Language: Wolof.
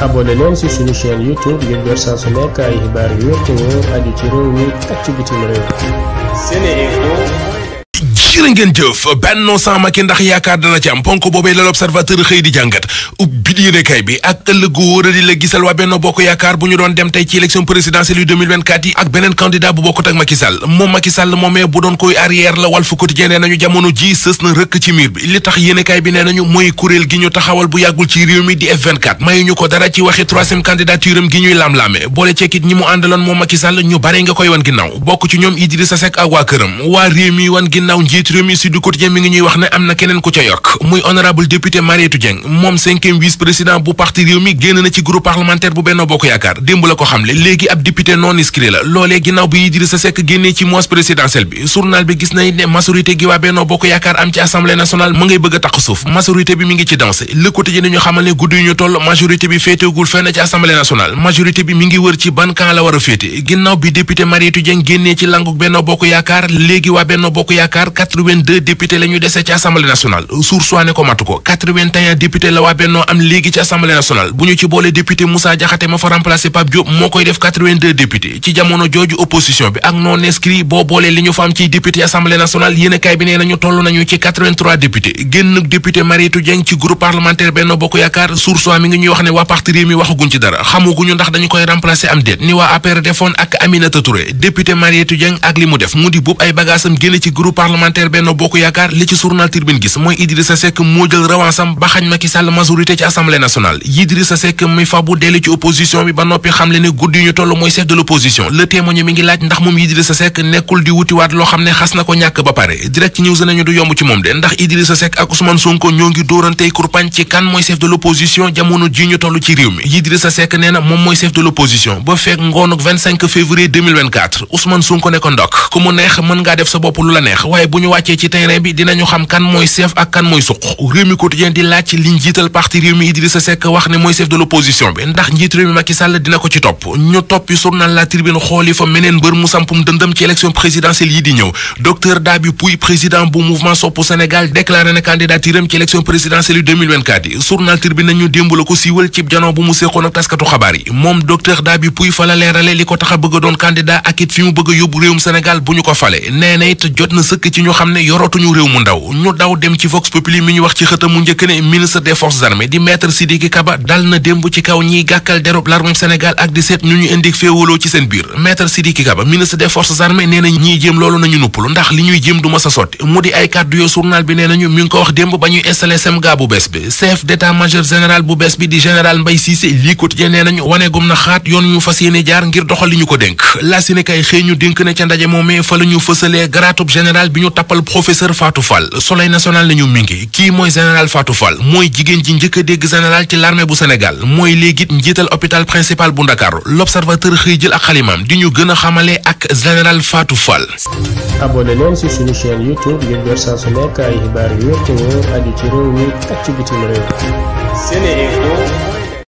abonné leen ci suñu chaîne YouTube ngir jot saa ay xibaar yu wér te wóor aju ci réew mi ak ci bitim réew. jërë ngeen jëf Benno sans ndax yaakaar dana ci am ponk boobee la l'observateur xëy di jàngat ubbi yéene bi ak ëllëgu wóora di la gisal waa Benno Bokk Yaakaar bu ñu doon dem tey ci élection présidentielle yu yi ak beneen candidat bu bokkut ak Macky moom Macky moomee bu doon koy arrière la Walf Quotidien nee nañu jamono ji sës na rëkk ci miir bi li tax yéene kay bi nee nañu mooy kuréel gi ñu taxawal bu yàggul ci réew mi di F24 mayu njiit si du quotidien mi ngi ñuy wax ne am na keneen ku ca yokk muy honorable député Mariétou Dieng moom cinquième vice président bu parti réew mi génn na ci groupe parlementaire bu Benno Bokk Yaakaar démb la ko xamle léegi ab député non inscrit la loolee ginnaaw bi Idrissa Seck génnee ci mois présidentielle bi journal bi gis nañ ne majorité gi waa Benno Bokk Yaakaar am ci assemblée nationale mu ngay bëgg a taq suuf majorité bi mi ngi ci dansé le quotidien 82 député la ñu dese ci assemblée nationale source ne ko matu ko député la waa ma fa remplacé Pape Diop moo koy def député ci jamono jooju opposition bi ak non inscrit boo boolee li ñu fa am ciy député assemblée nationale yéen bi nee nañu toll nañu ci député génn député Mariétou Dieng ci groupe parlementaire Benno Bokk Yaakaar source mi ngi ñuy wax ne waa parti waxaguñ ci dara xamuguñu ndax dañu koy remplacé am déet ni waa APR parlementaire Benno Bokk Yaakaar li ci journal Tribune gis mooy Idrissa Seck moo jël rewansam ba xañ Macky Sall majorité ci assemblée nationale Idrissa Seck mi fabu dellu ci opposition bi ba noppi xamle ne guddi ñu toll mooy chef de l'opposition le témoin mi ngi laaj ndax moom Idrissa Seck nekkul di wutiwaat loo xam ne xas na ko ñàkk ba pare direct ci news nañu du yomb ci moom de ndax Idrissa Seck ak Ousmane Sonko ñoo ngi dóorantey kurpañ ci kan mooy chef wàccee ci terrain bi dinañu xam kan mooy chef ak kan mooy suq réew mi quotidien di laaj ci liñ parti réew mi Idrissa Seck wax ne mooy chef de l'opposition bi ndax njiit réew mi Macky Sall dina ko ci topp ñu toppi journal La Tribune xooli fa meneen mbër mu sampum dëndëm ci élection présidentielle yi di ñëw docteur Daby Pouy président bu mouvement Sopp Sénégal déclaré na candidaturam ci élection présidentielle yu 2024 yi journal Tribune nañu bu mu ko a bëgg a a yóbbu xam ne yorootuñu réew mu ndaw ñu daw dem ci Vox Populi mi ñu wax ci xëtam mu njëkk ne ministre des forces armées di maître Sidiki Kaba dal na démb ci kaw ñiy gàkkal derub l'armée Sénégal ak di seet ñu ñu indi féewaloo ci seen biir maître Sidiki Kaba ministre des forces armées nee na ñiy jéem loolu nañu nuppalu ndax li ñuy jéem du ma mu di ay kàddu yoo journal bi nee nañu mi ngi ko wax démb ba ñuy installé SEMGA bu bees bi chef d'état-major général bu na xaat yoon ñu fas yéene jaar ngir doxal li ko dénk la si ne na ca ndaje moomee fa la ñu fësalee garaatub général bi ñu jàppal professeur Fatou Fall soleil national nañu mi ngi kii mooy général Fatou Fall mooy jigéen ji njëkk a dégg général ci l'armée bu Sénégal mooy léegi njiital hôpital principal bu Ndakaaru l'observateur xëy jël ak xalimaam di ñu gën a xamale ak général faatu Fall. abonné leen ci suñu su nekk ay xibaar yu wér mi